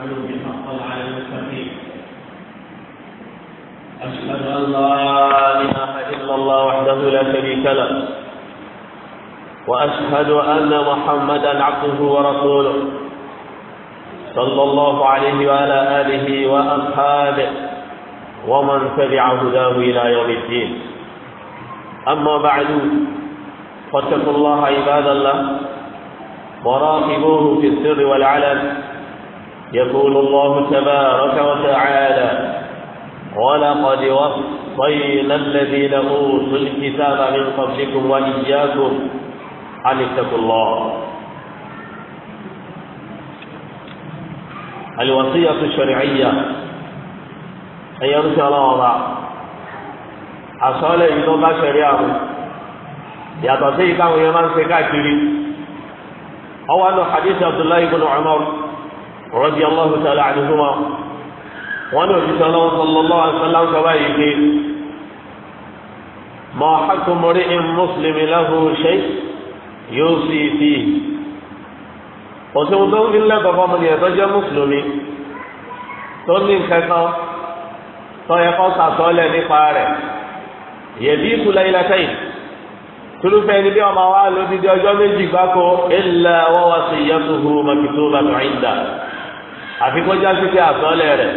أشهد أن لا إله إلا الله وحده لا شريك له وأشهد أن محمدا عبده ورسوله صلى الله عليه وعلى آله وأصحابه ومن تبع هداه إلى يوم الدين أما بعد فاتقوا الله عباد الله وراقبوه في السر والعلن يقول الله تبارك وتعالى ولقد وصينا الذين اوتوا الكتاب من قبلكم واياكم ان اتقوا الله الوصية الشرعية أي رسول الله àsọ́lẹ̀ yìí tó bá ṣẹ̀rí àrùn yàtọ̀ sí ìtàwọn yẹn máa ń ṣe radiyallahu ta'ala anhuma wọn ní òṣìṣẹ́ ọlọ́wọ́ sallallahu alaihi wasallam ń sọ báyìí pé ma haqq imri'in muslimin lahu shay' yusi fihi òṣèlú tó ń fi lẹ́tọ̀ọ́ fọmọ ní ẹ̀tọ́ jẹ́ mùsùlùmí tó ní nǹkankan tó yẹ kó sàtọ́lẹ̀ nípa rẹ̀ yẹ̀bí ìkúlẹ̀ ilẹ̀ sẹ́yìn tolúfẹ́ ni bí ọmọ wa lódìdí ọjọ́ méjì gbáko illa wa wasiyyatuhu maktubatan 'inda àfi kọjá sí pé àsọlẹ̀ rẹ̀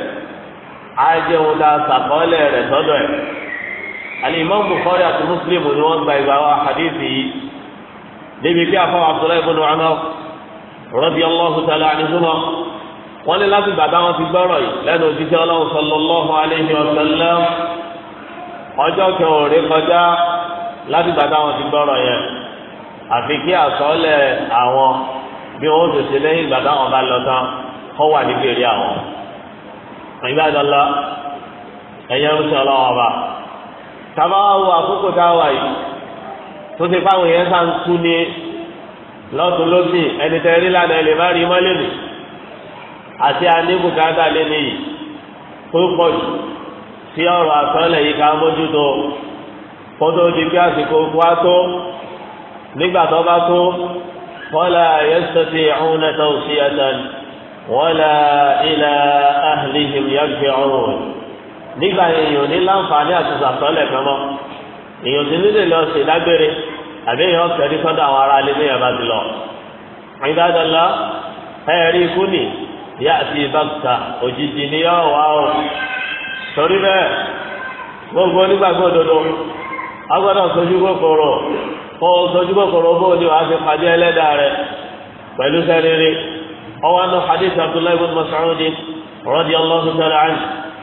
á jẹ́ wọn dá sàkọọ́lẹ̀ rẹ̀ sọ́dọ̀ ẹ̀ Al-Imam Bukhari àti Muslim ni wọ́n gba ìgbà wa hadithi yìí débi pé afọ Abdullahi ibn Umar radiyallahu ta'ala anhuma wọ́n lé láti bàbá wọn ti gbọ́rọ̀ yìí lẹ́nu òjíṣẹ́ ọlọ́run sallallahu alayhi wa sallam ọjọ́ kẹwòrán kọjá láti bàbá wọn ti gbọ́rọ̀ yẹn àfi kí àsọlẹ̀ àwọn bí wọ́n ti ṣe lẹ́yìn bàbá wọn bá lọ tán kọ́ wà níbi èrè àwọn ìbádọ́lá ẹ̀yẹ ń sọ ọlọ́wọ́ ọba tàbá wo àkókò tá a wà yìí tó ti fáwọn èèyàn sá ń tú ní lọ́tún lósì ẹni tẹ́ rí lánàá ẹ lè má rí mọ́lẹ̀ nì àti aníbùkátà lé ní yìí tó pọ̀ jù sí ọ̀rọ̀ àtọ́lẹ̀ yìí ká mójútó kótó di bí àsìkò wá tó nígbà tó bá tó fọ́lá yẹ́sítọ́tì ọ̀hún náà tó sí ẹ̀sán. wala ila ahlihim ya nígbà èèyàn ní láǹfààní àtúnṣe àtọ́lẹ̀ kan mọ́ èèyàn ti nílè lọ sí dágbére àbí èèyàn kẹrí sọ́dọ̀ àwọn ará ilé níyàbá ti lọ. ìdádọ́lá ẹ̀rí ikú nì yá àti ìbákùtà òjijì ni yọ wá o torí bẹ́ẹ̀ gbogbo onígbàgbọ́ òdodo agbọ́dọ̀ sojú kòkòrò kó sojú ni wàá fi pàdé ẹlẹ́dàá rẹ pẹ̀lú sẹ́rẹ́rẹ́ أولا حديث عبد الله بن مسعود رضي الله تعالى عنه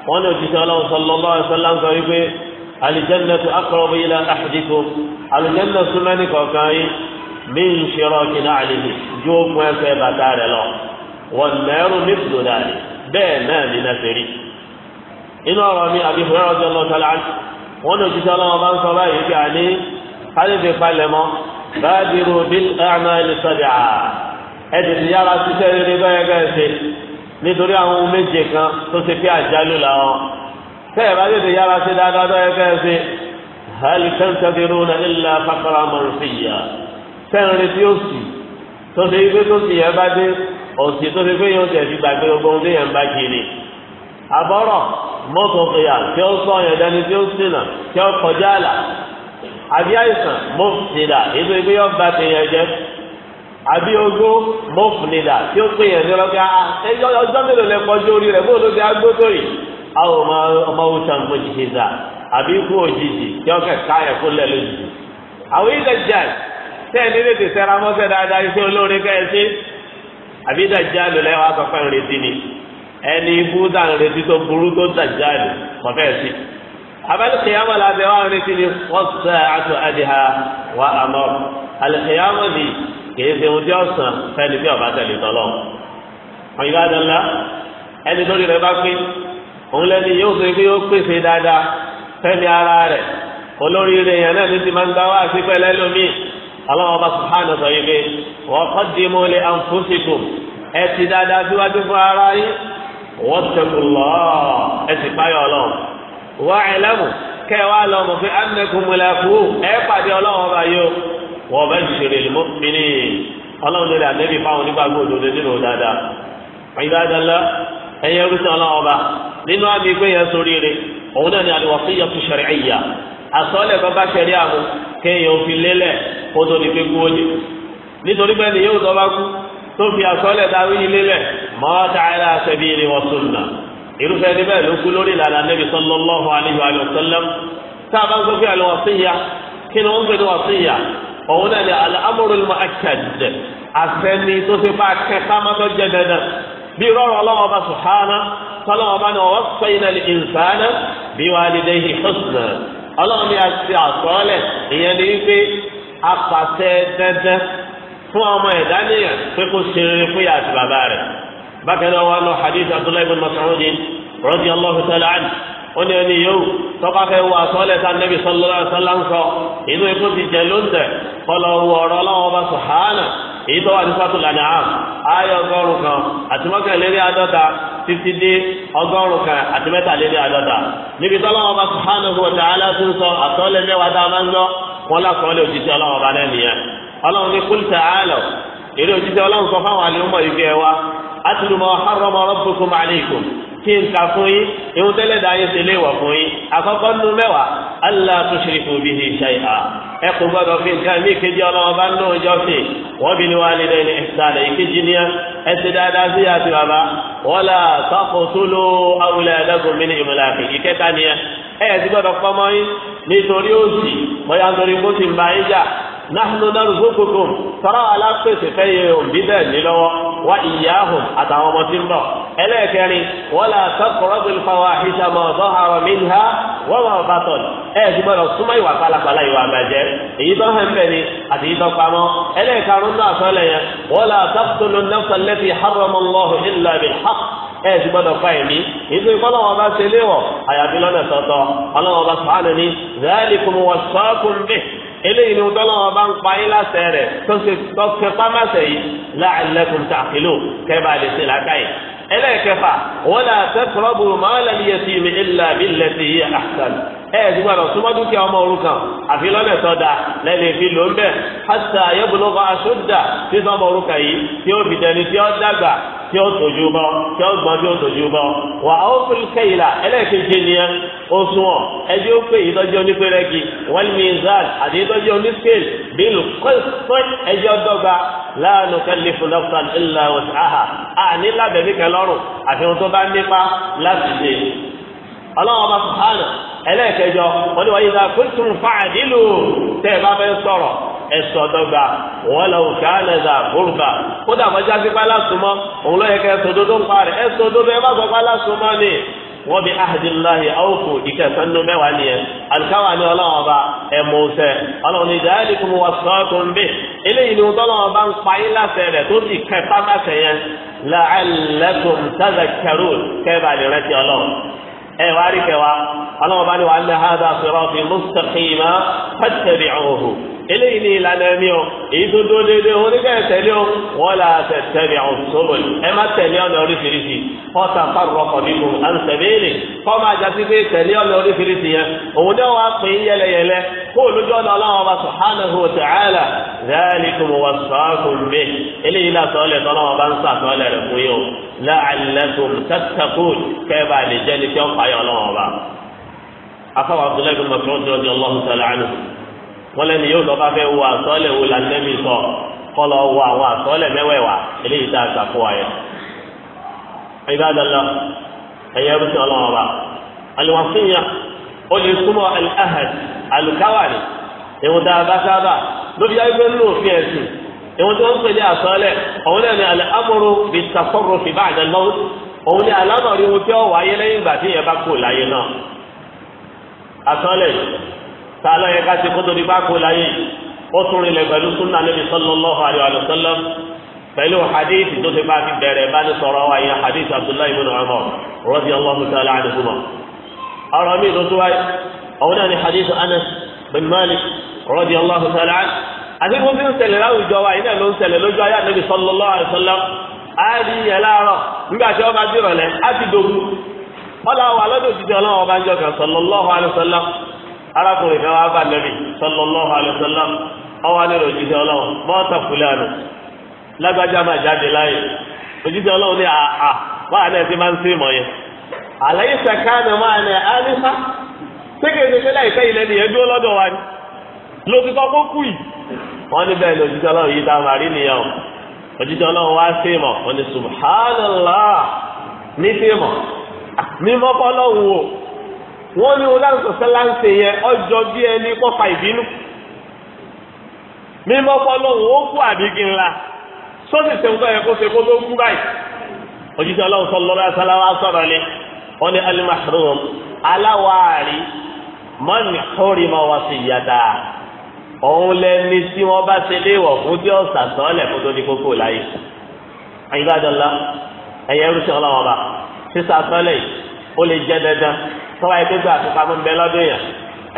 وأنا جساله صلى الله عليه وسلم قريبه الجنة أقرب إلى أحدكم الجنة سنانك وكاي من شراك نعله جوب وفي بتار الله والنار مثل ذلك بين لنفري إن رامي أبي هريرة رضي الله تعالى عنه وأنا جساله بن صبايك يعني هل في قلمه بادروا بالأعمال سبعة ẹtìtì yára ṣiṣẹ́ rere bẹ́ẹ̀ bẹ́ẹ̀ ṣe nítorí àwọn ohun méje kan tó ṣe pé àjálù làwọn tẹ́ẹ̀ bá tètè yára ṣe dáadáa bẹ́ẹ̀ bẹ́ẹ̀ ṣe hali kẹ́ńtẹ́bìrú na ilà fàkàrà mọ̀rùsíyà sẹ́rin tí ó sì tó ṣe pé tó sì yẹn bá dé òsì tó ṣe pé yóò tẹ̀ fi gbàgbé ogun tí yẹn bá kiri àbọ̀rọ̀ mọ́tò kìyà tí ó sọ yẹn dání tí ó ṣìnà tí ó kọjá àlà àbí àìsàn mọ́tò àbí ogó mọ́fùnìlà tí ó pè yẹn lọ́gá ah, ẹjọ́ ọjọ́ mélòó lẹ kọjú orí rẹ̀ bóòlù ti agbótó yìí àwọn ọmọ ọmọ òòtà ń gbòjì ṣèṣà àbí ikú òjijì tí wọ́n fẹ́ ká ẹ̀kọ́ lẹ̀ lójijì. àwọn ìdàjà tẹ́ ẹ̀ nílé ti sẹ́ra dáadáa iṣẹ́ kìí ṣe ohun tí ó sàn fẹ́ni tí ọba tẹ̀lé tọ́lọ́ wọn yìí bá dán la ẹni tó rí rẹ bá pín òun lẹ́ni yóò ṣe pé ó pèsè dáadáa fẹ́ni ara rẹ̀ olóríire yẹn náà ní ti máa ń gbá wá sí pẹ́lẹ́ lómi ọlọ́run ọba subhanahu sọ yìí pé wọ́n kọ́ di mú lé anfusikum ẹ ti dáadáa síwájú fún ara yín wọ́n tẹ̀kù lọ́ ẹ sì páyọ̀ ọlọ́run wọ́n ẹ̀ lẹ́mù kẹ́ ẹ wá fún ẹ̀ wọ́n bẹ́ ṣèrè lómìnì ọlọ́run lórí àlẹ́bí fáwọn onígbàgbọ́ òdodo nínú dáadáa ìdádàlá ẹ̀yẹ rúṣin ọlọ́run ọba nínú àmì pé yẹn sórí rẹ òun náà ni àlùwàsíyà tó ṣẹ̀rẹ̀ ẹ̀yà àsọ́lẹ̀ kan bá ṣẹ̀rí àmú kéèyàn fi lélẹ̀ kó tó di pé kú òde nítorí pé ẹni yóò tọ́ bá kú tó fi àsọ́lẹ̀ darí ilé rẹ̀ mọ́ta òun náà ni al-amrul mu'akkad àsẹ́ni tó ti bá kẹta máa tó jẹ dandan bí rọrùn ọlọ́wọ́ bá subhana tọ́lọ́wọ́ bá ní ọwọ́ sẹ́yìn náà lè insana bí walidayhi husna ọlọ́wọ́ ni a ti àsọ́ọ́lẹ̀ ìyẹn ni wípé apàṣẹ dandan fún ọmọ ẹ̀dá nìyẹn pé kó ṣe fún yà àti bàbá rẹ̀ bákan náà wà lọ hadith Abdullahi bin Mas'ud radiyallahu ta'ala anhu onye ní ẹni yòówù tọ́ba fẹ́ wọ àsọ́lẹ̀ tá nẹ́bí sọlọ́lá sọlá ń sọ inú ikú ti jẹ lóńtẹ̀ kọlọ́wọ́ ọ̀rọ̀ ọlọ́wọ́ bá sùhánà èyí tó wà ní sọ́tù lànà àm ayé ọgọ́rùn kan àti mọ́kànlérí àádọ́ta títí dé ọgọ́rùn kan àti mẹ́tàlérí àádọ́ta níbi tọ́lọ́wọ́ bá sùhánà wọ̀ tààlà tó ń sọ mẹ́wàá máa ń gbọ́ wọn lásọ̀ọ́lẹ̀ òjijì ọlọ́wọ́ bá nìyẹn ní òjijì sọ fáwọn àlè ìhun tẹ́lẹ̀ dá yín ṣe léèwọ̀ fún yín àkọ́kọ́ nínú mẹ́wàá allah tushriku bihi shay'a ẹ kò gbọ́dọ̀ fi nǹkan mí kejì ọlọ́wọ́ bá nínú ìjọ sí wọ́n bí ní walidayni ihsana ìkejì ní ẹ ti dáadáa sí àti bàbá wala taqtulu awladakum min imlaq ìkẹta ní ẹ ẹ ti gbọ́dọ̀ pọ́nmọ́ yín nítorí òsì bóyá nítorí kó ti ń ba yín jà nahnu narzuqukum tọ́rọ alápèsè fẹ́ yẹ òǹdídẹ̀ nílọ́wọ́ wa iyyahum àtàwọn ọmọ tí ń bọ̀ ẹlẹ́ẹ̀kẹrin wala taqrabul fawahisha ma zahara minha wa ma batan ẹ̀ ti gbọ́dọ̀ súnmọ́ ìwà pálapàla ìwà àgbàjẹ́ èyí tó hàn bẹ́ẹ̀ ni àti èyí tó pamọ́ ẹlẹ́ẹ̀karùn náà sọ́lẹ̀ yẹn wala taqtulun nafsa allati harrama Allahu illa bil haqq ẹ ti gbọ́dọ̀ fa ẹmí ètò ìfọlọ́wọ́n bá ṣe léwọ̀ àyàfi lọ́nà tọ̀tọ̀ ọlọ́wọ́n bá sọ àná ní zalikum wasaakum bihi eléyìí ni tọ́lọ́wọ́ bá ń pa yín lásẹ̀ rẹ̀ tọ́kẹ́ pámásẹ̀ yìí la'allakum ta'qilun kẹ́bà lè ṣe làákàyè. ẹlẹ́ẹ̀kẹfà wala taqrabu mal al-yatim illa billati hiya ahsan. ẹ ẹ ti gbọdọ̀ súnmọ́ dúkìá ọmọ òrukàn àfi lọ́nà tó da fi lò ń bẹ̀ hatta yablugha ashudda tí sọmọ òrukàn yìí tí ó fi tẹ̀lé tí ó dàgbà tí ó tòjú bọ́ tí ó gbọ́n tí ó tòjú bọ́ wà á ó fún kẹ́yìlá ẹlẹ́ẹ̀kejì nìyẹn òṣùwọ̀n ẹjọ́ pé ìtọ́jú onípẹ́rẹ́gì wọ́n ní mizan àti ìtọ́jú onískéèlì bílù kọ́sán ẹjọ́ dọ́gba láàánú kẹ́lí fún lọ́sàn ńlá wọ̀sáhà àní lábẹ́bí kẹlọ́rùn àti ohun tó bá nípa láti dé ọlọ́wọ́n bá sùhánà ẹlẹ́ẹ̀kẹjọ wọ́n ẹ̀sọ́ dọ́gba wọ́n lọ òkè ànàdà bùrùbà kódà mọ́jà sí pa lásùmọ́ òun ló yẹ kẹ́ ẹ̀sọ́ dodo ń parẹ́ ẹ̀sọ́ dodo ẹ bá sọ pa lásùmọ́ ni wọ́n bí ahadillahi awfu ìkẹsẹ̀ nínú mẹ́wàá nìyẹn alikawa ni ọlọ́run ọba ẹ̀mọ́sẹ̀ ọlọ́run ní ìdáyàlì kún wa sọ́ọ̀tún bí eléyìí ni ọlọ́run ọba ń pa yín láṣẹ rẹ̀ tó sì kẹta láṣẹ yẹn la'allakum tadhakkarun kẹ́ẹ̀bà lè rántí ọlọ́run ẹ wá rí kẹwàá ọlọ́run ọba ni wàá ní hadha sirati mustaqima fattabi'uhu eléyìí ni ìlànà ẹ̀mí o èyí tó dó déédéé wọn nígbà tẹ̀lé o wọn là tẹ̀lé àwọn sọ́wọ́lì ẹ má tẹ̀lé ọ̀nà oríṣiríṣi kọ́ta fárọkọ̀ nínú ànsẹ̀bẹ́ẹ̀lì kọ́ máa jásí pé tẹ̀lé ọ̀nà oríṣiríṣi yẹn òun náà wàá pè é yẹlẹyẹlẹ kó olójú ọ̀nà ọlọ́run ọba subhanahu wa ta'ala dhalikum wasaakum bih eléyìí là sọ́ọ́lẹ̀ tọ́lọ́wọ́ bá ń sàtọ́lẹ̀ rẹ̀ fún wọn lẹni yóò lọ bá fẹ́ wo àsọlẹ wo lànàmì sọ kọ lọ wo àwọn mẹwẹẹwà eléyìí tá a gbà fún wa yẹ. ibadallah ẹyẹ bí sọ lọ́wọ́ bá alùwàsíyà lè alahad a wọn òun lẹni al-amru bit-tasarruf ba'da al òun ni wọn tí wáyé yẹn bá láyé ta ló yẹ ká ṣe kó tóbi bá kó láyé ó tún rinlẹ̀ pẹ̀lú súnà níbi sallallahu alaihi wa sallam pẹ̀lú hadith tó ti bá fi bẹ̀rẹ̀ bá ní sọ̀rọ̀ wa yẹn hadith abdullahi ibn umar radiyallahu ta'ala anhuma ọ̀rọ̀ mi tó tó wáyé ọ̀hún náà ni hadith anas bin malik radiyallahu ta'ala anhu àti kó fi ń ṣẹlẹ̀ láwùjọ wa yìí náà ló ń ṣẹlẹ̀ lójú ayé ànábi sallallahu alaihi arákùnrin kan wá bá nẹ́bí sallallahu alaihi wasallam ọwọ́ alẹ́ òjíṣẹ́ ọlọ́run mọ́tà fúlẹ́ẹ̀nù lágbájá máa jáde láyé òjíṣẹ́ ọlọ́run wa ni lóbi kó kú yìí wọ́n ní bẹ́ẹ̀ ni òjíṣẹ́ ọlọ́run yìí àrí nìyẹn òjíṣẹ́ ọlọ́run wá wọ́n ní olóòtú sẹ́lá ń ṣe yẹn ọjọ́ bí ẹni pọ́fà ìbínú mímọ́ fọlọ́hún ó kú àbígi ńlá sọ́sì ṣe ń gbọ́ yẹn kó ṣe kó tó kú báyìí òjijì ọlọ́run sọlọ́ lọ́wọ́ sáláwá sọ̀rọ̀ ni wọ́n ní alimahrum aláwárí mọ́nì kórì mọ́ wọ́n sì yàtà òun lẹ́ni tí wọ́n bá ṣe léèwọ̀ fún tí ó sàtọ́lẹ̀ kó tó di kókó láyé àyíká dọ́là ẹ̀yẹ rúṣẹ́ ọlọ́wọ́ bá sísàtọ́lẹ̀ ó lè jẹ́ dandan tọ́wá yìí gbégbé àtúpamọ́ ń bẹ lọ́dún yẹn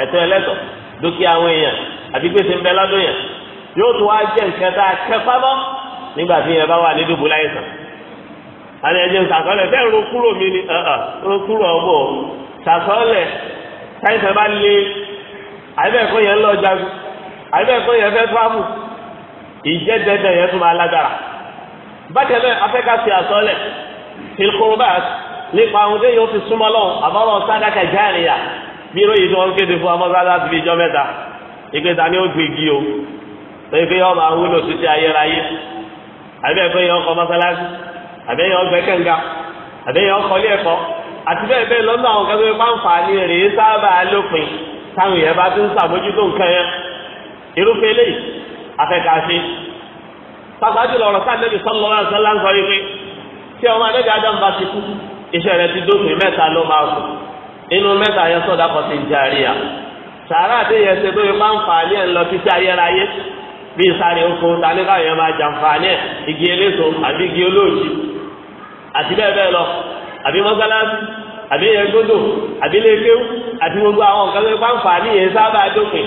ẹ̀tọ́ ẹlẹ́tọ̀ dúkìá àwọn èèyàn àti gbèsè ń bẹ lọ́dún yẹn yóò tún wá jẹ́ nǹkan tá a kẹ́ pamọ́ nígbà tí yẹn bá wà ní dùbúlá yìí sàn. àti ẹ̀jẹ̀ sàkọlẹ̀ bẹ́ẹ̀ ro kúrò mi ni ro kúrò ọmọ sàkọlẹ̀ sáyẹ̀nsẹ̀ bá lé àbẹ̀kọ́ yẹn lọ jagun àbẹ̀kọ́ yẹn fẹ́ fáàmù ìjẹ́ dẹ́dẹ́ yẹn tún máa lágbára. bákẹ́ náà afẹ́kàsí àsọlẹ̀ fil qurbat nípa àwọn tó yóò fi súnmọ́ lọ́wọ́ àbọ̀rọ̀ sádàkà jáàríyà bí ìròyìn tí wọ́n kéde fún amọ́sálá ti fi jọ mẹ́ta ìpè ta ni ó gbé igi o lórí pé yọ́ọ́ máa wúlò títí ayérayé àbẹ́ pé yọ́ọ́ kọ́ mọ́sálásí àbẹ́ yọ́ọ́ gbẹ́ kànga àbẹ́ yọ́ọ́ kọ́lé ẹ̀kọ́ àti bẹ́ẹ̀ bẹ́ẹ̀ lọ́nà àwọn kan tó fi pàǹfààní rèé sábà lópin táwọn èèyàn bá ti ń sàmójútó nǹkan yẹn irúfẹ́ eléyìí afẹ́kàṣe pàpàjùlọ ọ̀rọ̀ sáà nẹ́bí sọ́lọ́lá iṣẹ́ rẹ ti dópin mẹ́ta ló máa kù inú mẹ́ta yẹn sọ̀dá kan ti jàrí à sàárà àti ìyẹn ṣe tó yẹ máa ń fà ní ẹ̀ ń lọ títí ayérayé bí sáré oko tani káwọn yẹn máa jàǹfààní ẹ̀ igi eléso àbí igi olóòjì àti bẹ́ẹ̀ bẹ́ẹ̀ lọ àbí mọ́sálásí àbí yẹn gbódò àbí lẹ́kẹ́wù àti gbogbo àwọn nǹkan tó ń fà yẹn sábà dópin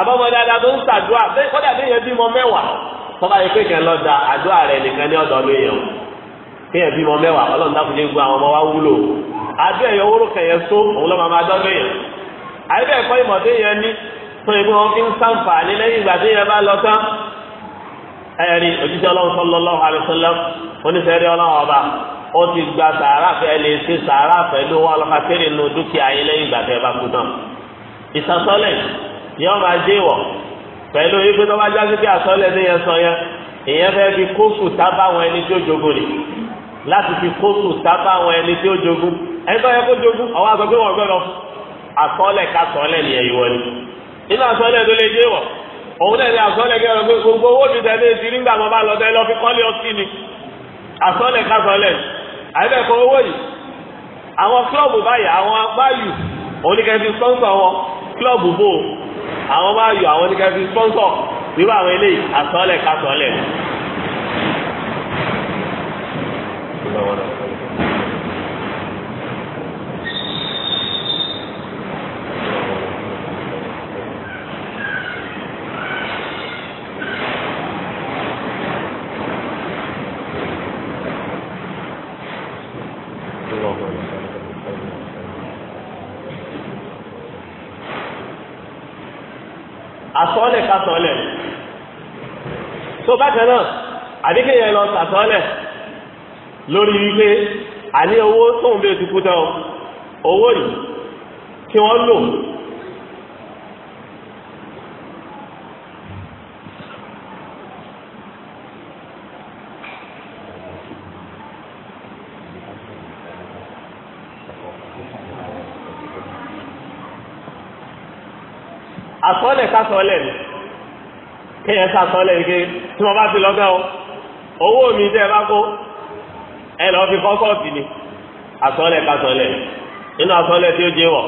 àbọ̀mọdé adá tó ń ṣàdúrà kọ́dà bí yẹn bímọ mẹ́wàá kéèyàn bímọ mẹ́wàá ọlọ́run dákun lé gbọ́ àwọn ọmọ wa wúlò adó ẹ̀yọ wóró kẹyẹ só òun lọ́ọ́ máa dọ́dọ̀ yẹn àyẹ̀bẹ̀ ẹ̀kọ́ ìmọ̀ tó yẹn ní tó yẹ kó wọn fi ń sàǹfààní lẹ́yìn ìgbà tó yẹn bá lọ tán ẹ̀rí òjíṣẹ́ ọlọ́run sallallahu alaihi wasallam oníṣẹ́rí ọlọ́run ọba ó ti gba sàárà fẹ́ lè ṣe sàárà pẹ̀lú wọn lọ́kàtẹ́rì nù dúkìá yín lẹ́yìn ìgbà tẹ́ bá kú náà ìsàsọ́lẹ̀ ni wọ́n máa dé wọ̀ pẹ̀lú ipe tó bá jáde bí àsọ́lẹ̀ ní yẹn sọ yẹn ìyẹn fẹ́ fi kófù tábàwọn ẹni tó jogo ni láti fi kóso sábà àwọn ẹni tí ó jogún ẹni tó yẹ kó jogún àwọn àgbẹ̀ pé wọ́n gbọ́dọ̀ àsọ́lẹ̀ ká sọ́lẹ̀ ni ẹ̀yìn wọlé nínú àsọ́lẹ̀ tó lè dé wọ̀ òun náà ní àsọ́lẹ̀ kí ọ̀rọ̀ pé gbogbo owó mi tẹ̀lé ti nígbà mo bá lọ tẹ́ lọ fi kọ́lé ọtí ni àsọ́lẹ̀ ká sọ́lẹ̀ àìbẹ̀kọ owó yìí àwọn kílọ̀bù báyìí àwọn báyìí oníkẹ́fì sponsor wọn kílọ̀bù bò àwọn báyìí àwọn oníkẹ́fì sponsor nígbà àwọn eléyìí àsọ́lẹ̀ ká sọ́lẹ̀ lọ́wọ́ lọ. asọ́lẹ̀ kasọ́lẹ̀ tó bákan náà àdékèyàn lọ sàtọ́lẹ̀ lórí wípé àní owó tóun bẹ́ẹ̀ ti kú tán owó yìí kí wọ́n lò àsọ́lẹ̀ sásọ́lẹ̀ ni kéèyàn sásọ́lẹ̀ ni ké tí wọ́n bá ti lọ́gán o owó mi tẹ́ bá kó ẹ lọ fi kọ́kọ́ọ̀tì ni àsọlẹ̀ kásọlẹ̀ nínú àsọlẹ̀ tí ó jẹ wọ̀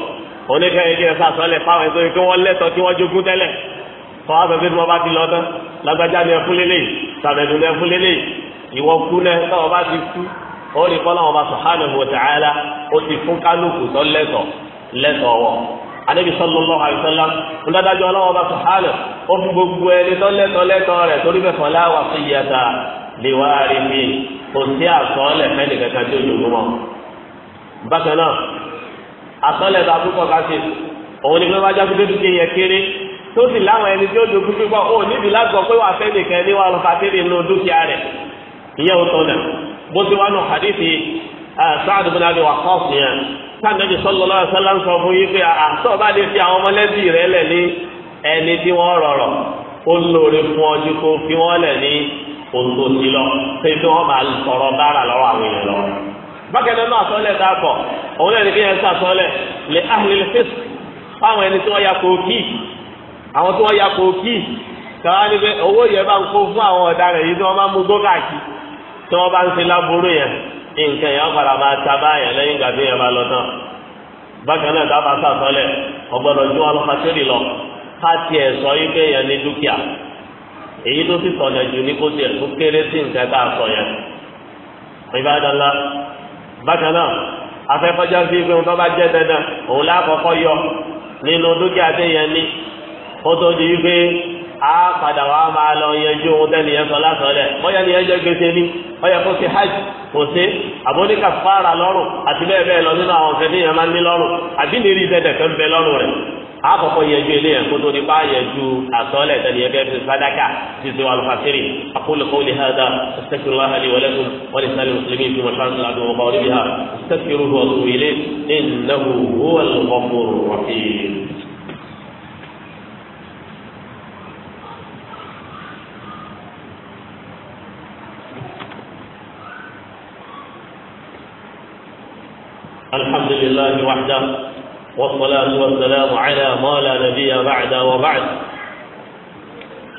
oníkẹ́yẹ kí ẹ sá àsọlẹ̀ fáwọn ẹ̀sọ́ kí wọ́n lẹ́tọ̀ kí wọ́n jogún tẹ́lẹ̀ fọwọ́ sọ pé tí wọ́n bá ti lọ tán lágbájá ni ẹ fún lélẹ̀ sàmẹ̀dùn ni ẹ fún lélẹ̀ ìwọ kú náà táwọn bá ti kú ó lè kọ́ láwọn bá subhanahu wa ta'ala ó ti fún kálukú tó lẹ́tọ̀ lẹ́tọ̀ wọ̀ anabi sallallahu alayhi wa sallam ńdádàjọ ọlọ́wọ́ bá sọ̀hánà gbogbo ẹni tó lẹ́tọ̀ torí bẹ́ẹ̀ fọlá wà sí yàtà lè mi kò sí àsọ̀ọ́lẹ̀ fẹ́ni kankan tí ó dùn mọ́ bákan náà àsọ̀ọ́lẹ̀ tó akúkọ̀ ká ṣe òun ni pé wájú akúté dúkìá yẹn kéré tó sì láwọn ẹni tí ó dùn fún pípọ̀ ó níbi lágbọ̀ pé wà fẹ́ nìkan ní wàá lọ́ka tẹ́lẹ̀ nínú dúkìá rẹ̀ ìyẹn ò tọ̀nà bó ti wá nù hadithi Sa'ad bin Abi Waqqas yẹn sànàbì sallallahu alaihi wasallam sọ fún yín pé àtọ́ bá lè fi àwọn ọmọlẹ́bí rẹ̀ lẹ̀ ní ẹni tí wọ́n rọrọ̀ ó lóore fún ọjọ́ kó fi wọ́n lẹ̀ ní oṣù sí lọ pé ọ ma máa bara lọ lọ́wọ́ àwọn èèyàn lọ. bákan náà àsọlẹ̀ dàpọ̀ òun náà ní kí yẹn sàsọlẹ̀ lè áhìlì fèsì fáwọn ẹni ya kòókì àwọn tí ya kòókì tàwa ni pé owó yẹn bá ń kó fún àwọn ọ̀daràn yìí tí mú tí bá ń yẹn nǹkan yẹn máa ta báyẹn yẹn bá lọ tán bákan náà èyí tó sì sọ̀nà jù ní kó tiẹ̀ tó kéré sí nǹkan tá a sọ yẹn ìbádọ́lá bákan náà afẹ́kọ́jọ́ sí pé wọn bá jẹ́ dandan òun lákọ̀ọ́kọ́ yọ nínú dúkìá tó yẹn ní ó tó di wípé a padà wá máa lọ yẹjú ohun tẹ́lẹ̀ yẹn sọ lásán rẹ̀ bóyá ni yẹn jẹ́ gbèsè ní bóyá kó hajj kò ṣe àbóníkà fara lọ́rùn àti bẹ́ẹ̀ bẹ́ẹ̀ lọ nínú àwọn kẹ́kẹ́ yẹn máa ń ní lọ́rùn àbí nírí ìdẹ́dẹ̀ àkọ́kọ́ yẹjú eléyẹ kótó ní bá yẹjú àtọ́lẹ̀ tẹ̀lé ẹgbẹ́ fi sadaka títí wà lùfàṣírì aqulu qawli hadha astaghfirullaha li wa lakum wa li sa'iril muslimin fi mọ̀ṣáàtì àti ọmọ ọ̀rẹ́ bíi ha astaghfiruhu wa atubu ilayhi innahu huwal ghafurur rahim. alhamdulillahi wahdahu. والصلاة والسلام على ما لا نبي بعد وبعد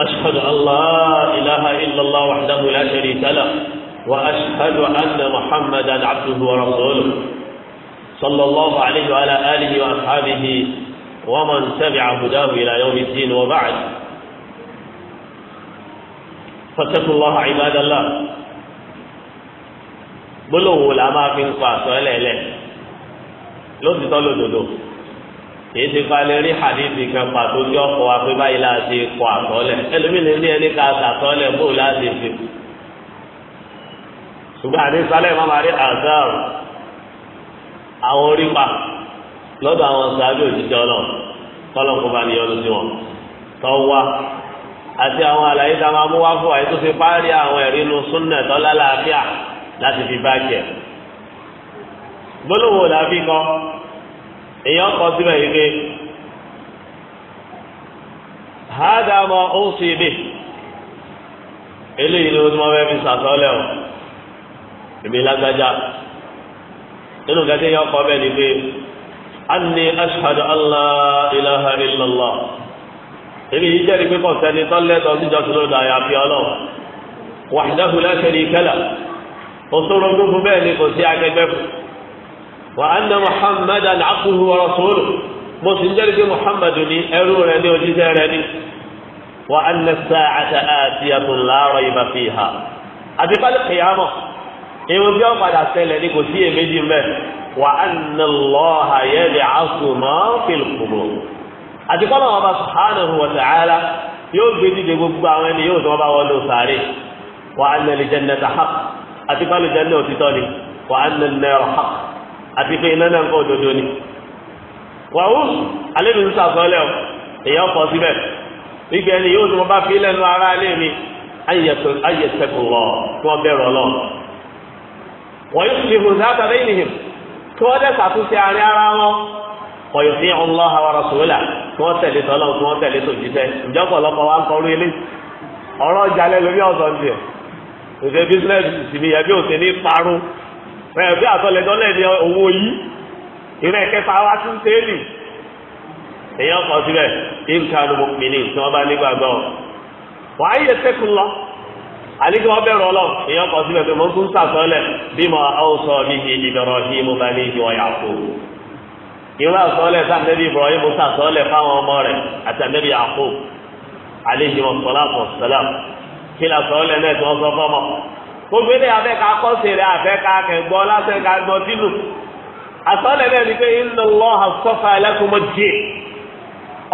أشهد أن لا إله إلا الله وحده لا شريك له وأشهد أن محمدا عبده ورسوله صلى الله عليه وعلى آله وأصحابه ومن تبع هداه إلى يوم الدين وبعد فاتقوا الله عباد الله بلغوا الأماكن قاسوا إليه لو تطلوا kìí ti falẹ̀ rí hadithi kan pàtó tí ọkọ̀ wa pé báyìí láti kọ àtọ́lẹ̀ ẹlòmíràn ní ẹni ká àtọ́lẹ̀ bó láti fi. ṣùgbọ́n àní sálẹ̀ máa ma rí azar àwọn orípa lọ́dọ̀ àwọn sáájú òjijì ọlọ́ tọ́lọ́kùn bá níyọ́nù sí wọn tọ́wá àti àwọn àlàyé tá a máa mú wá fún àyè tó fi párí àwọn ẹ̀rí inú súnnà tọ́lá láàfíà láti fi bá jẹ gbólóhùn làbí kan èèyàn kọ síbẹ̀ yìí pé hádàmọ́ ó sì bì eléyìí ni wọ́n fẹ́ fi sàtọ́lẹ̀ o èmi lágbájá nínú gàdé yẹn kọ́ bẹ́ẹ̀ ni pé anni ashhadu allah ilaha illallah èmi yìí jẹ́rìí pé kọ̀ọ̀sẹ́ni tọ́lẹ̀ tó ti jọ sílò dàyà àfi ọlọ́run wahdahu la sharika lahu òṣòro gbogbo bẹ́ẹ̀ ni kò sí akẹgbẹ́ fún wa anna muhammadan abduhu wa rasuluhu mo sì ń jẹ́rìí pé muhammadu ni ẹrú rẹ̀ ní òjíṣẹ́ rẹ̀ ni wa anna sa'ata atiyatun la rayba fiha àti pálí kìyàmọ̀ ìwọ̀n bí wọ́n padà ṣẹlẹ̀ ní kò sí èméjì mẹ́ wa anna Allaha yab'athu man fil qubur àti pálí wọn bá subhanahu wa ta'ala yóò gbé dídé gbogbo àwọn ẹni yóò tó wọn bá wọn lò sáré wa anna al-jannata haqq àti pálí jannata òtítọ́ ni wa anna an-nar haqq àti pé iná náà kọ́ òdodo ni wàhù alẹ́mi ń ọ èyí ọkọ̀ síbẹ̀ gbígbẹ́ ẹni yóò tún bá fi lẹ́nu ara alẹ́ mi ayẹ sẹ́kù lọ kí wọ́n bẹ̀rù ọlọ́ wọ́n yóò fi hùn sáà tàbí kí wọ́n sàtúnṣe àárín ara wọn wọ́n yóò fi hàn lọ́ha wa rasuula kí wọ́n tẹ̀lé tọ́lọ́ kí wọ́n tẹ̀lé tòjíṣẹ́ ǹjẹ́ ọ̀pọ̀lọpọ̀ wa ń orí ilé rẹ̀ eh, bí àtọ́lẹ̀dọ́lẹ̀ ní owó yìí ìrẹ́ kẹfà wá sí ń tẹ́lì èèyàn kọ síbẹ̀ nǹkan ọdún mìíní tí wọ́n bá nígbàgbọ́ wàá yẹ sẹ́kùn lọ àlejò wọn bẹ̀rù ọlọ èèyàn kọ síbẹ̀ pé mo ń tún sàtọ́lẹ̀ bí mo àwòsọ mi ní ìdọ̀rọ̀ yìí mo bá ní ìwọ̀ yàtọ̀ ìwọ àtọ́lẹ̀ sàtẹ́bí Ibrahim sàtọ́lẹ̀ fáwọn ọmọ rẹ̀ àtàmẹ́bí Yaqub àlejò wọn sọlá fọ sọlá kí gbogbo ilé afẹ́ ká kọ́sì rẹ̀ afẹ́ ká kẹ̀gbọ́ lásẹ̀ ká gbọ́ dínú àsọ́lẹ̀ náà ni pé inna Allaha safa lakum ad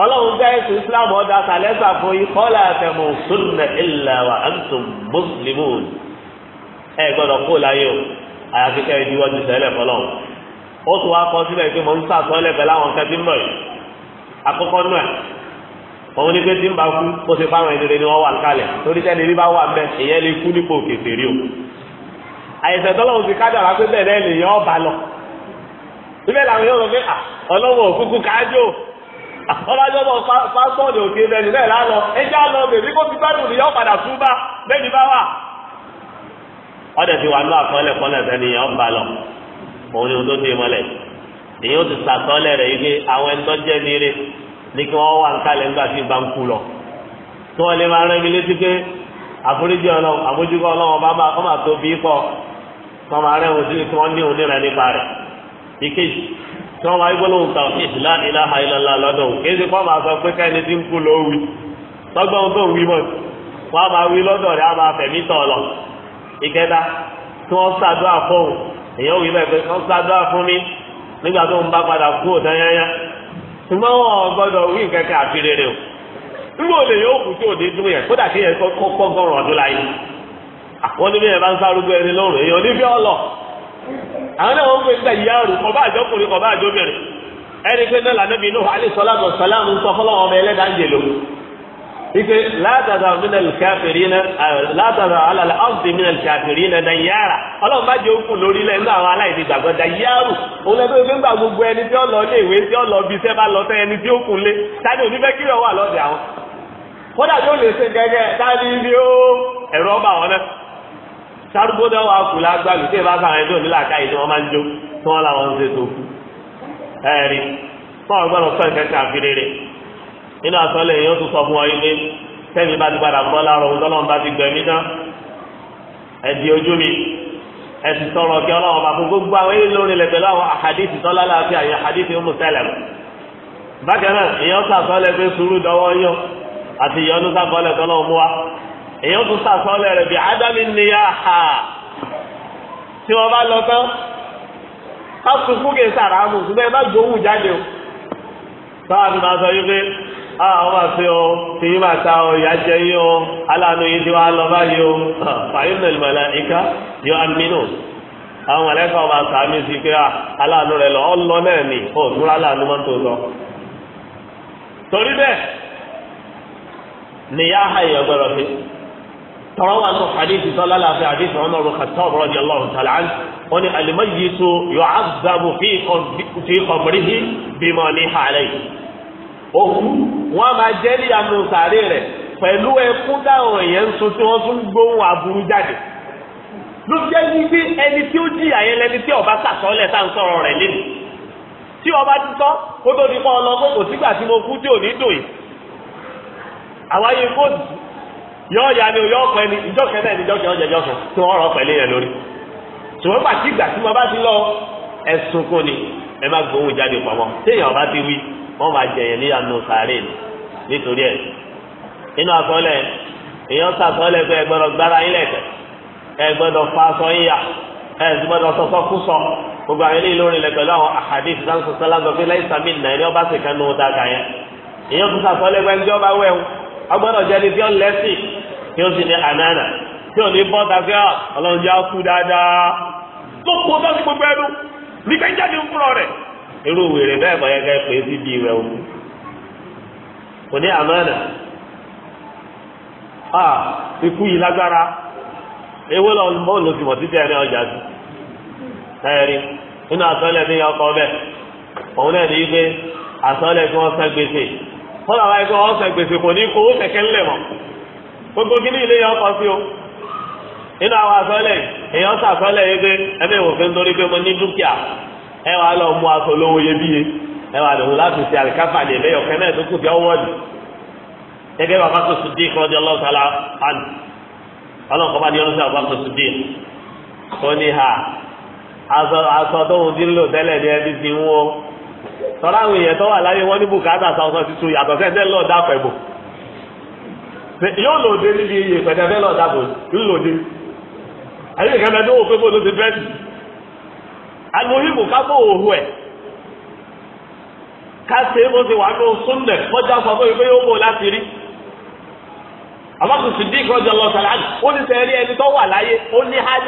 ọlọ́run islam ọ̀dà sàlẹ́sà fún yín àtẹ̀mọ̀ sunna illa wa antum muslimun ẹ gbọ́dọ̀ kó láyé o àyàfi kẹ́ ẹ diwọ́jú sẹ́lẹ̀ tún wá kọ́ sílẹ̀ pé mo ń sàtọ́lẹ̀ òun ní pé tí ń bá kú ti fáwọn ẹni ni wọ́n wà kálẹ̀ torí sẹ́ni bí bá wà mẹ́ èyẹ lè kú nípò o ti bẹ́ẹ̀ lè ọba lọ síbẹ̀ làwọn yóò sọ pé ọlọ́wọ́ òkúkú kájò ọlọ́jọ́ bọ̀ òkè bẹ́ẹ̀ nílẹ̀ lálọ ẹjẹ́ àlọ́ bèbí kó ti gbádùn ní yọ padà tún bá bẹ́ẹ̀ ni bá wà. ti wà àkọọ́lẹ̀ kọ́lẹ̀ sẹ́ni lọ òun ni òun tó mọ́lẹ̀ ó ti sàkọọ́lẹ̀ rẹ̀ yìí pé àwọn jẹ́ ní kí wọ́n wà ń kalẹ̀ nígbà tí ìbá ń kú lọ tí wọ́n lè máa rán mi létí pé àforíjì ọlọ́run àmójúkọ ọlọ́run ọba máa kọ́ máa tó bí pọ̀ tí wọ́n máa rẹ́ wọn sílẹ̀ tí wọ́n ní òun níra nípa rẹ̀ ìkejì tí wọ́n wáyé gbólóhùn kan ìsìlá ìlàhà ìlàlá lọ́dọ̀ kéde kọ́ máa sọ pé káyọ̀ létí ń kú ló wí tọ́gbọ́n tó wí mọ̀ wọ́n máa wí lọ́dọ̀ rẹ̀ á máa fẹ̀mí tọ̀ lọ ìkẹta tí wọ́n ṣàdúrà fóun èèyàn wí bẹ́ẹ̀ pé wọ́n ṣàdúrà fún mi nígbà tó ń bá padà kú òtán ṣùgbọ́n wọn gbọ́dọ̀ wí nǹkan kan àfi rere o nígbà olè yóò kú tí òde dún yẹn kódà kí yẹn kọ́ gbọ́rọ̀ ọdún láyé àwọn onímọ̀ yẹn bá ń sárúgbó ẹni lọ́rùn èèyàn onífẹ́ ọlọ àwọn náà wọ́n pè níta ìyá òrùn kọ̀ọ̀bá àjọkùnrin kọ̀ọ̀bá àjọbìnrin ẹni pé náà lànà bínú alẹ́ sọlá tó ọmọ ẹlẹ́dàá ike látàdà mínà káfìrínà látàdà alàlà ọ̀sì mínà káfìrínà dayára ọlọ́run bá jẹ́ òkú lórí ilẹ̀ nínú àwọn aláìsí gbàgbọ́ dayáru òun lẹ́gbẹ́ ìgbẹ́ gbà gbogbo ẹni tí ó lọ ilé ìwé tí ó lọ bí iṣẹ́ bá lọ sẹ́ ẹni tí ó kù lé tani òní fẹ́ kí wà lọ́dẹ̀ àwọn kódà yóò lè ṣe gẹ́gẹ́ tani ó ọba náà wà lágbàlú tí tó nílà tí máa ń nínú àsọlẹ̀ yìí ó tún sọ fún ọ ilé tẹ́mi bá ti padà bọ́ láàrọ̀ òun tọ́lọ́run bá ti gbẹ̀mí ná ẹ̀dì ojú mi ẹ̀sìn sọ̀rọ̀ kí ọlọ́run bá fún gbogbo àwọn eré lórí ilẹ̀ pẹ̀lú àwọn àhàdìsì tọ́lá láti àyè àhàdìsì ń mú sẹ́lẹ̀ mọ́ bákan náà èèyàn sàsọ́lẹ̀ pé sùúrù dọwọ́ yọ àti ìyọnu sàkọ́lẹ̀ tọ́lọ́run mú wa èèyàn tún sàsọ́lẹ̀ rẹ̀ bí ádámì níyà ha tí wọ́n bá lọ tán ká sunkún kè sàrà mù ṣùgbọ́n ẹ má gbowó jáde o tọ́wọ́ àti màá sọ yí pé àwọn ah, máa fi ọ tí yín máa ta ọ ìyá jẹ yín ọ aláàánú yín tí wàá lọ báyìí ọ fàyín nà ìmọ̀lá ìka yọ amínú àwọn mọ̀lẹ́kà ọba sàmì sí pé ah, aláàánú rẹ lọ ọ lọ náà nì ọ túnra aláàánú máa tó lọ. torí bẹ́ẹ̀ nìyá àyè ọgbẹ́rọ̀ mi tọrọ wà nù hadith sọlá láfi hadith ọ̀nà ọ̀rọ̀ kàtọ́ ọ̀rọ̀ di ọlọ́run tàlá wọn ni alimayi tó yọ àgbàbù fi kọ̀ọ̀mùrìhì bímọ ní hàlẹ́ yìí òkú wọn a máa jẹ́ níyanu sàárè rẹ̀ pẹ̀lú ẹkún táwọn èèyàn ń sun tí wọ́n tún gbóhùn aburú jáde ló jẹ́ wípé ẹni tí ó jìyà yẹn lẹni tí ọba sàtọ́lẹ̀ tá à ń sọ̀rọ̀ rẹ̀ lẹ́nu tí ọba ti tọ́ kó tó di kọ́ ọ lọ pé kò sígbà tí mo kú tí ò ní dòyè àwáyé kóòtù yọ ya ni yọ ọpẹ ni ìjọ kẹlẹ ni ìjọ kẹlẹ jẹjọ sùn tí wọn rọ pẹ̀lú yẹn lórí ṣùgbọ́n pàtí ìgbà tí mo bá ti lọ ẹ̀sùn kò ní ẹ má gbóhùn jáde pamọ́ téèyàn ọba ti wí wọ́n máa jẹ̀yẹ̀ ní àánú sàárè nítorí ẹ̀ nínú àkọọ́lẹ̀ èèyàn sàkọọ́lẹ̀ pé ẹ gbọ́dọ̀ gbára yín lẹ̀kẹ̀ ẹ gbọ́dọ̀ fa aṣọ yíyà ẹ sì gbọ́dọ̀ sọsọ kú sọ gbogbo àwọn eléyìí lórí ilẹ̀ pẹ̀lú àwọn àhàdí ìsìlánsọ sọláńsọ pé láì sàmì nà ẹni ọba sì kan nù dàgà yẹn èèyàn tún sàkọọ́lẹ̀ pé ẹni tí ọba wẹ̀ ọgbọ́dọ̀ jẹ́ ni tí ó lẹ́sìn tí ó sì ní ànánà tí ò ní bọ́ta fẹ́ ah, ọlọ́run jẹ́ á dáadáa gbogbo tó ti gbogbo ẹnu irú wèrè bẹ́ẹ̀ bọ́ yẹn ká pè é sí bíi rẹ̀ o kò ní àmánà a ikú yìí lágbára ewé lọ ya ló fi mọ̀ títí ẹni ọjà sí ẹ̀rí nínú àsọ́lẹ̀ ní ọkọ bẹ́ẹ̀ òun náà ní asọọlọ pé àsọ́lẹ̀ tí wọ́n gbèsè gbèsè kò ní kó mọ́ gbogbo kí ilé yẹn ọkọ sí o àwọn àsọ́lẹ̀ pé torí pé mo ẹ wàá lọ mú aṣọ olówó iyebíye ẹ wàá lòun láti ṣe àlìkáfà lè lẹ́yọ̀ kẹ́nẹ́ tó kù tí ó wọ́ọ̀dù gẹ́gẹ́ bàbá tó sùn ní ha aṣọ tó ń dín lò tẹ́lẹ̀ ní ẹbí ti ń wọ́ tọ́lá àwọn èèyàn tó wà láyé wọ́n ní bùkátà àlùmíìmù ká bó òhu ẹ̀ ká ṣe é bó ṣe wà ní súnnẹ̀ mọ́jà sọ fún mi pé yóò bó láti rí àbákù Siddiq radiyallahu ta'ala anhu ó ní ẹni tó wà láyé ó ní sọ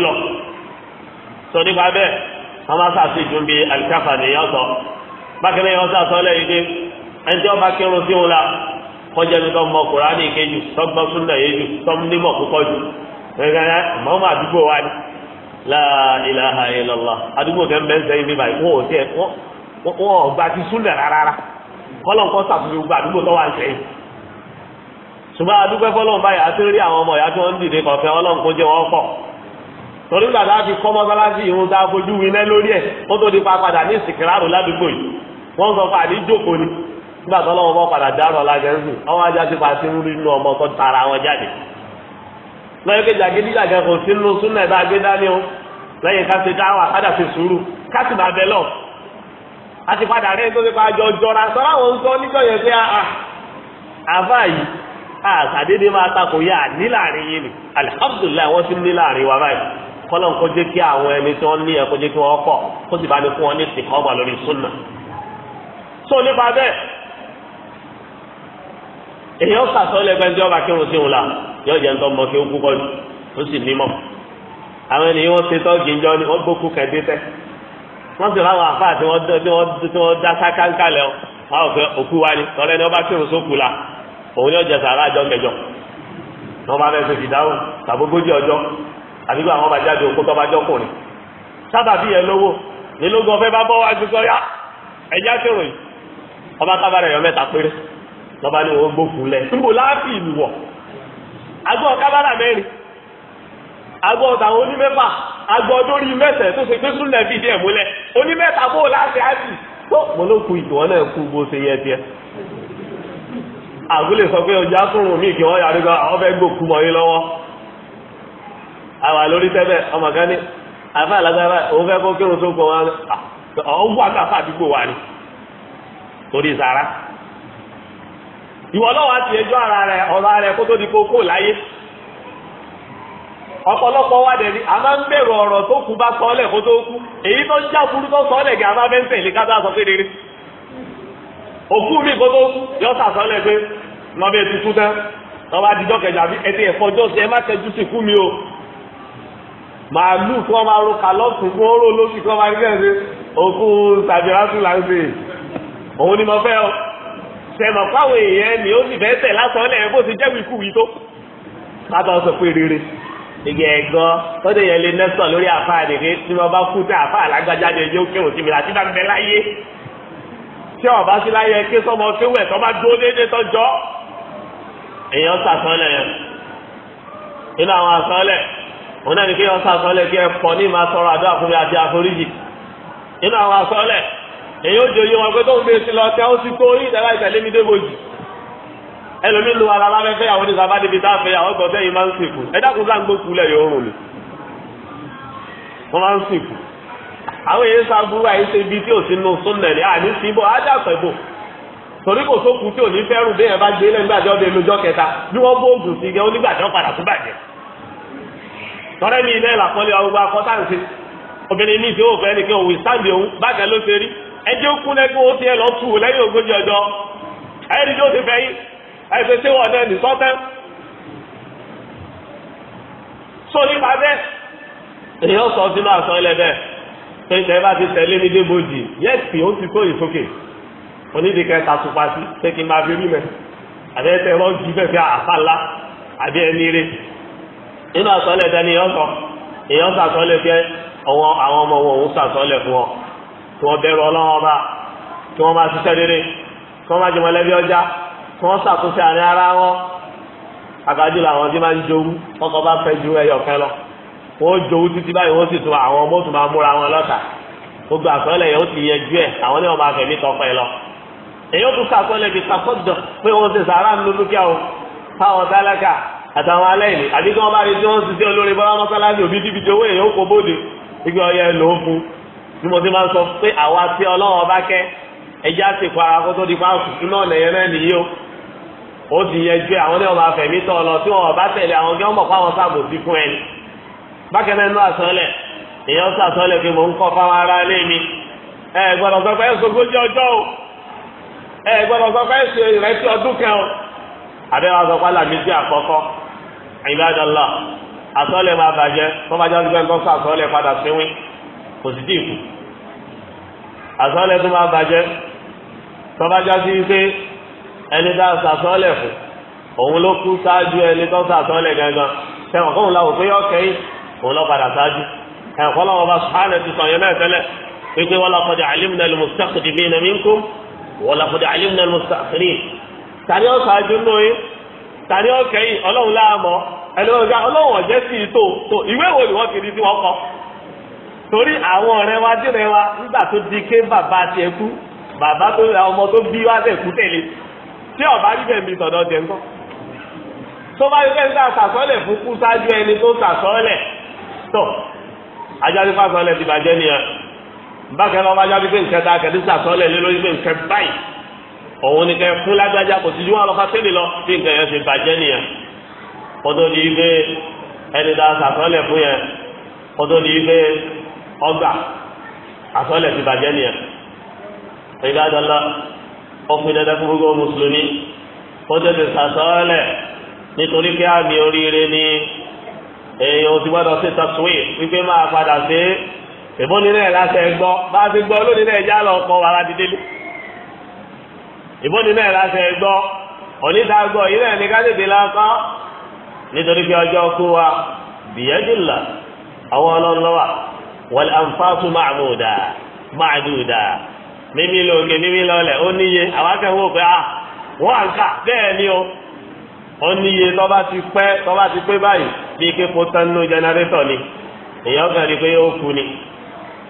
lọ sọ nípa ju bí alikafa sọ sàṣọ lẹ́yìn pé ẹni tí wọ́n bá kírun sí wọn la kọjá ní tọ́mọ tọ́gbọ́n la ilaha illallah àdúgbò kan bẹ́ẹ̀ sẹ́yìn bíbá yìí wọ́n ò tiẹ̀ wọ́n ò gba ti súnlẹ̀ rárá kọ́lọ́n kọ́ sàtúnṣe gbogbo àdúgbò tó wà ń sẹ́yìn. ṣùgbọ́n àdúgbò fọlọ́n báyìí àti ọmọ ìyá tí wọ́n ń dìde kọ̀ọ̀fẹ́ ọlọ́run kó jẹ́ wọ́n pọ̀. torí gbàdá fi kọ́ mọ́sálásí ìhun tá a fojú lórí ẹ̀ tó di ní lọ́yìn pé jàgídíjàgà kò sí nínú súnà ẹ̀ bá gbé dání o lẹ́yìn ká ṣe dáwà padà fi sùúrù ká sì máa bẹ lọ. a ti padà rẹ́ tó ti pa àjọ jọra sọ́ra wọn sọ níjọ́ yẹn pé ah, ah, àfà yìí àṣàdédé máa takò yá ní láàrin yìí ni alihamudulilayi wọ́n ti ní láàrin wa báyìí kọ́lọ́n kó jẹ́ kí àwọn ẹni tí wọ́n ní ẹ̀ kó jẹ́ kí wọ́n kọ̀ kó sì bá ní fún wọn ní tìkọ́ọ̀bà lórí súnà. sọ nípa bẹ́ẹ̀ èèyàn sàtọ́ lẹ́gbẹ̀ẹ́ ń jọba kírun sí òun la yóò jẹ́ ńtọ́ mọ kí ó kú kọ́ ó sì nímọ̀ àwọn ènìyàn wọn ṣe tọ́ọ̀gì ńjọ ni wọ́n gbókú kẹ́dé tẹ́ wọ́n sì láwọn àfáà tí wọ́n dá sákàńkàlẹ̀ ọ wọn ò òkú wa ni tọ́lẹ́ ni wọ́n bá kírun sókù la òun ni ọjà sàrà àjọ kẹjọ wọn bá fẹ́ fi dáhùn tàbógójì ọjọ́ àbígbà àwọn bá jáde òkú tọ́ba jọkùnrin sábàbí yẹn lówó nílógún ọ̀fẹ́ bá bọ́ wájú sọ yá ẹ̀já kírun yìí ọba kábàárẹ̀ yọ mẹ́ta péré lọ́ba ni wọ́n gbókù lẹ̀ níbo láàfin ìlú wọ̀ agbọ́ kábàrà mẹ́rin agbọ́ ọ̀tàwọn onímẹ́fà agbọ́ lórí mẹ́sẹ̀ tó ṣe pé súnlẹ̀ fi díẹ̀ múlẹ̀ onímẹ́ta bó láti tó mo ló ku ìtìwọ́ náà kú bó ṣe yẹ sọ pé ọjà fúnrun mi kí wọ́n yàrá fẹ́ gbòkú mọ́ yín lọ́wọ́ lórí ọmọ kan ní àlágbára òun fẹ́ kó kírun tó wọn ìwọ lọ́wọ́ àti ẹjọ́ ara rẹ ọ̀rọ̀ ara rẹ kó tó di kókó láyé ọ̀pọ̀lọpọ̀ wa dẹ̀ ni a máa ń bẹ̀rù ọ̀rọ̀ tó kú bá sọ́ọ́lẹ̀ kó tó kú èyí tó ń já burú tó sọ́ọ́lẹ̀ gẹ̀ a máa fẹ́ ń tẹ̀lé ká bá sọ pé rere òkú mi kó tó kú yọ sàsọ́ọ́lẹ̀ pé wọ́n bẹ tuntun tán wọ́n bá dijọ́ kẹjọ àbí ẹtì ẹ̀fọ́ jọ́sí ẹ má tẹjú sí kú mi o màálù kí wọ́n máa ro kàlọ́ọ̀tù kí wọ́n rò lóṣù kí wọ́n máa òkú sàbíràtù là ń sè òun ni mo fẹ́ o sẹmọ fáwọn èèyàn ni ó sì fẹ́ tẹ̀ lásán lẹ́yìn bó ti jẹ́ wíkú wí tó bàbá sọ pé rere ìgbà ẹ̀gọ́ tọ́jú yẹn lè nẹ́sọ̀ lórí àfáà nìké tí wọ́n bá kú tẹ àfáà lágbájá ni ẹjọ́ kéwòn sí mi láti bá bẹ láyé tí ọba sí láyé ké sọmọ kéwòn ẹ̀tọ́ bá dúró déédéé tọ́jọ́ èèyàn sàtọ́lẹ̀ yẹn nínú àwọn àsọ́lẹ̀ òun náà ni kéèyàn sàtọ́lẹ̀ kí ẹ pọ̀ ní ìmọ̀ asọ́rọ̀ àdó àfúnmi àti àforíjì nínú àwọn àsọ́lẹ̀ èyí ó jòyè wọn pé tóun gbé sí lọ tẹ ó sì tó yìí dára ìtẹ̀lé mi débò jù ẹlòmí lu ara lábẹ́fẹ́ àwọn oníṣẹ́ abádébí tá a fẹ́ àwọn gbọ́dọ̀ yìí máa ń sìnkú ẹ dákun sáà ń gbókù lẹ̀ yóò rùn ni wọ́n máa ń sìnkú àwọn èyí sábúrú àyíṣe ibi tí ò sí nu súnlẹ̀ ní àní sí ibò á dàpọ̀ ibò torí kò sókun tí ò ní fẹ́rù bí ẹ̀ bá gbé lẹ́gbàjọ́ bẹ lójọ́ kẹta bí wọ́n bó oògùn sí gẹ́ onígbàjọ́ padà tún bàjẹ́ tọ́rẹ́ mi ilé ìlàpọ̀lẹ́ ọgbà akọ́tàǹsì obìnrin ní ìṣòwò fẹ́ nìkan òwì sáǹdì òun bákan ló ṣe rí ẹjẹ́ òkú lẹ́gbẹ́ ó ti ẹ̀ lọ tù lẹ́yìn ogójì ọjọ́ ẹ̀rí ló ti fẹ́ yí ẹ̀sẹ̀ tí wọ́n náà ní sọ́tẹ́. sọ nípa bẹ́ẹ̀ èyí ó sọ sínú àṣọ ilẹ̀ bẹ́ẹ̀ pé ìtẹ́ bá ti tẹ̀lé mi débòjì yẹ́sì ó ti kóyè sókè onídìíkẹ́ tàtúpa sí pé kí n máa fi rí mẹ́ àbí ẹ̀tẹ̀ rọ́ọ̀jì fẹ́fẹ́ àfàlá àbí ẹni rí nínú àṣọ ilẹ̀ tẹ́ni èyí ó sọ èyí ó sàṣọ ilẹ̀ fẹ́ àwọn ọmọ wọn òun sàṣọ ilẹ̀ fún ọ tí wọ́n bẹ̀rù ọlọ́run ọba tí wọ́n máa ṣiṣẹ́ rere tí wọ́n máa jẹ mọ̀lẹ́bí ọjà tí wọ́n ṣàtúnṣe àárín ara wọn àgbájú làwọn tí máa ń jowú ọkọ̀ bá fẹ́ ju ẹyọ kan lọ wọ́n jowú títí báyìí wọ́n sì tún àwọn ọmọ tún máa múra wọn lọ́tà gbogbo àkọọ́lẹ̀ yẹn ó ti yẹjú ẹ̀ àwọn ní wọn máa fẹ̀mí tọpẹ́ lọ. èyí ó tún sàkọọ́lẹ̀ bíi sàkọ́jọ pé wọ́n ti sàárà ń lo o fáwọn tálákà àtàwọn aláìní àbí kí wọ́n bá rí tí wọ́n ti sí olórí bọ́lá mọ́sálásí òbí díbi tí owó èèyàn kò bóde igi ọ̀yẹ́ lòó fún bí mo ti máa ń sọ pé àwa tí ọlọ́run ọba kẹ́ ẹjẹ́ àsìkò ara kó tó di páàkù iná lẹ́yìn náà nìyí o ó ti yẹ ju àwọn ní ọmọ afẹ̀mí tọ̀ lọ tí wọn ọba tẹ̀lé àwọn gẹ́ ọmọ fáwọn sáàbò sí fún ẹni bákan náà inú àsọlẹ̀ èèyàn sàsọlẹ̀ pé mò ń kọ́ fáwọn ará ilé mi ẹ gbọ́dọ̀ sọ pé ẹ̀sùn ogójì ọjọ́ o ẹ gbọ́dọ̀ sọ pé ẹ̀sùn ìrẹsì ọdún kan o àbẹ́wò àsọpá làmì sí àkọ́kọ́ ìbádọ́lá àsọlẹ̀ máa bàjẹ́ tó bá jẹ́ kò sì dínkù àsọ́lẹ̀ tó máa bàjẹ́ tọ́bájá sí wípé ẹni tá a sàsọ́lẹ̀ fún òun ló kú ṣáájú ẹni tó sàsọ́lẹ̀ gangan tẹ̀wọ̀n kóhùn láwò pé ọ̀kẹ́yìn òun lọ padà ṣáájú ẹ̀kọ́ lọ́wọ́ bá sùhánà ti sọ̀yọ́ náà tẹ́lẹ̀ wípé wọ́n lọ́kọ̀dé alimna al-mustaqdimina minkum wọ́n lọ́kọ̀dé alimna al-mustaakhirin tani ọ̀ ṣáájú lóyún tani ọ̀kẹ́yìn ọlọ́run torí àwọn ọ̀rẹ́ wa dìrẹ́ wa nígbà tó di ké bàbá ti ẹkú bàbá tó ra ọmọ tó bí wá sẹ̀kú tẹ̀lé tí ọ̀bá bíbẹ̀ mi tọ̀dọ̀ jẹ ńkọ́ tó bá yọ fẹ́ sá sàsọ́lẹ̀ fún kú sáájú ẹni tó sàsọ́lẹ̀ tọ̀ ajáde fásọlẹ̀ ti bàjẹ́ nìyẹn bákan náà wájú wípé nǹkan tá kẹ́lí sàsọ́lẹ̀ lé lórí pé nǹkan báyìí òun ni kẹ́ ọgbà àsọlẹ̀ ti bàjẹ́ nìyẹn ìbádọ́lá ọkùn dandan fún gbogbo mùsùlùmí ó tètè sàsọlẹ̀ nítorí pé àmì oríire ni èèyàn ò ti gbọ́dọ̀ sí tọ́sùwì wípé máa padà sí ìbọn nílẹ̀ láti ẹgbọ́ bá a ti gbọ́ lónìí náà ẹja lọ kọ́ wàrà dídé lé ìbọn nílẹ̀ láti ẹgbọ́ oníta gbọ́ ilé ẹni ká tètè nítorí pé ọjọ́ kú wa bìyẹ́dìlà àwọn ọlọ́run lọ́wà wọ́n ànfààsù màdúdà màdúdà mímí lókè mímí lọ́lẹ̀ ó níye àwọn akẹ́wọ́ pé à ah, wọ́n à ń kà bẹ́ẹ̀ ni o ó níye tó bá ti pẹ́ tó bá ti pé báyìí bí kíkó tánú jẹnẹrétọ̀ ni èèyàn kan rí pé ó kú ni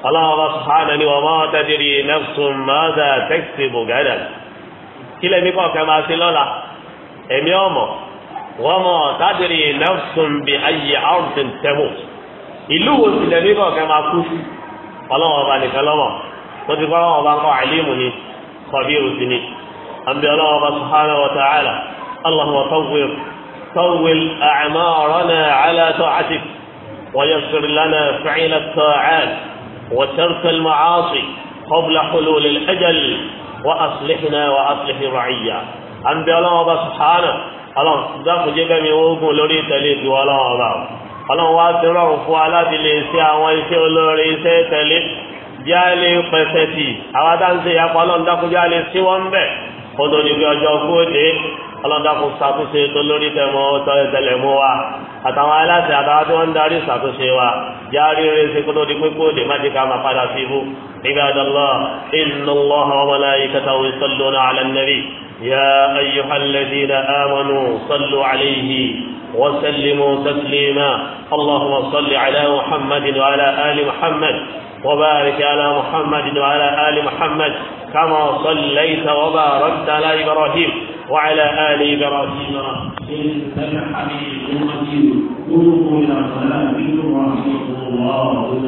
ọlọ́run bá ni wọ́n máa tẹ́tìrì nafsun mọ́tà tẹ́kìtì bùgádà kílẹ̀ mi kọ̀ọ̀kan máa ṣe lọ́la ẹ̀mí ọ̀mọ̀ wọ́n mọ̀ tẹ́tìrì nafsun bí ayé àrùn tẹ̀mọ̀. ìlú wo sì lẹ́nu ibà ọ̀kẹ́ máa kú sí ọlọ́wọ́n ọba nìkan lọ́wọ́ tó ti kọ́ ọlọ́wọ́n ọba ń kọ́ àìlímù ni kọ̀bírù sí ni àbí ọlọ́wọ́n ọba subhanahu wa ala ọlọ́wọ́n ويغفر لنا فعل الطاعات وترك المعاصي قبل حلول الأجل وأصلحنا وأصلح الرعية أنبي الله سبحانه الله دام جبا من وقوم لوري تليد والله الله ọlọ́run wá fi rọrùn fún alábìlẹ̀ sí àwọn iṣẹ́ olóore iṣẹ́ tẹ̀lé bí a lè pẹ̀sẹ̀ tì àwọn adáǹsẹ̀ ìyapa ọlọ́run dákun bí a lè sí wọn bẹ̀ kó tó ní bí ọjọ́ kóde ọlọ́run dákun ṣàtúnṣe tó lórí tẹ̀mọ́ tẹ̀lẹ̀mú wa àtàwọn aláṣẹ àtàwọn tí wọ́n ń darí ṣàtúnṣe wa bí rẹ̀ ṣe kó di pé kóde má وسلموا تسليما اللهم صل على محمد وعلى آل محمد وبارك على محمد وعلى آل محمد كما صليت وباركت على إبراهيم وعلى آل إبراهيم إنك حميد مجيد قوموا إلى صلاتكم ورحمة الله